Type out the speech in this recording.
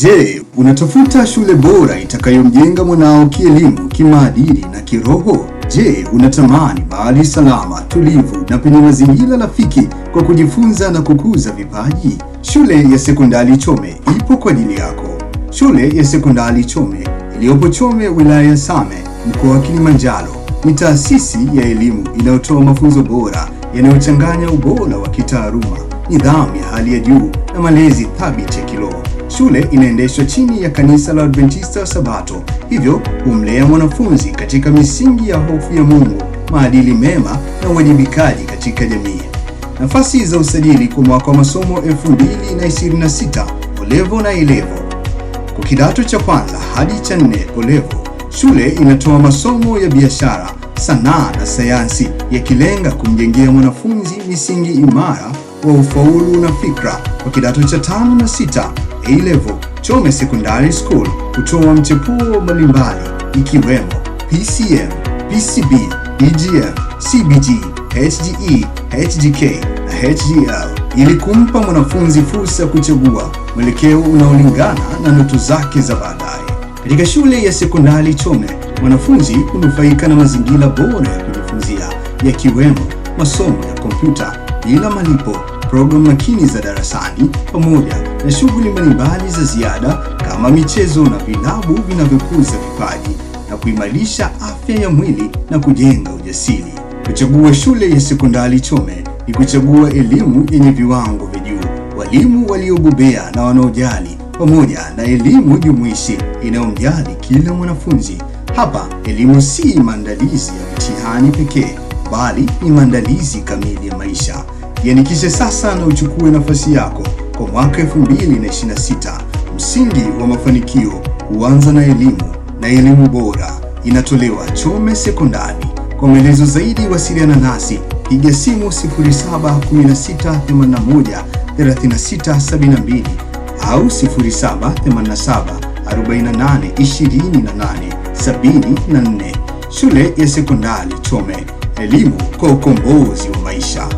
Je, unatafuta shule bora itakayomjenga mwanao kielimu, kimaadili na kiroho? Je, unatamani mahali salama, tulivu na penye mazingira rafiki kwa kujifunza na kukuza vipaji? Shule ya Sekondari Chome ipo kwa ajili yako. Shule ya Sekondari Chome iliyopo Chome, wilaya ya Same, mkoa wa Kilimanjaro, ni taasisi ya elimu inayotoa mafunzo bora yanayochanganya ubora wa kitaaluma, nidhamu ya hali ya juu na malezi thabiti ya kiroho. Shule inaendeshwa chini ya Kanisa la Adventista Sabato, hivyo humlea mwanafunzi katika misingi ya hofu ya Mungu, maadili mema na uwajibikaji katika jamii. Nafasi za usajili kwa mwaka wa masomo 2026 olevo na elevo. Kwa kidato cha kwanza hadi cha nne olevo, shule inatoa masomo ya biashara, sanaa na sayansi, yakilenga kumjengea mwanafunzi misingi imara wa ufaulu na fikra. Kwa kidato cha tano na sita A level Chome Secondary School hutoa mchepuo mbalimbali ikiwemo PCM, PCB, EGM, CBG, HGE, HGK na HGL ili kumpa mwanafunzi fursa ya kuchagua mwelekeo unaolingana na ndoto zake za baadaye. Katika shule ya sekondari Chome, mwanafunzi hunufaika na mazingira bora ya kujifunzia yakiwemo masomo ya kompyuta bila malipo, programu makini za darasani pamoja na shughuli mbalimbali za ziada kama michezo na vilabu vinavyokuza vipaji na kuimarisha afya ya mwili na kujenga ujasiri. Kuchagua shule ya sekondari Chome ni kuchagua elimu yenye viwango vya juu, walimu waliobobea na wanaojali, pamoja na elimu jumuishi inayomjali kila mwanafunzi. Hapa elimu si maandalizi ya mtihani pekee, bali ni maandalizi kamili ya maisha. Jiandikishe sasa na uchukue nafasi yako kwa mwaka 2026. Msingi wa mafanikio huanza na elimu na elimu bora inatolewa Chome Sekondari. Kwa maelezo zaidi, wasiliana nasi, piga simu 0716813672 au 0787482084. Shule ya Sekondari Chome, elimu kwa ukombozi wa maisha.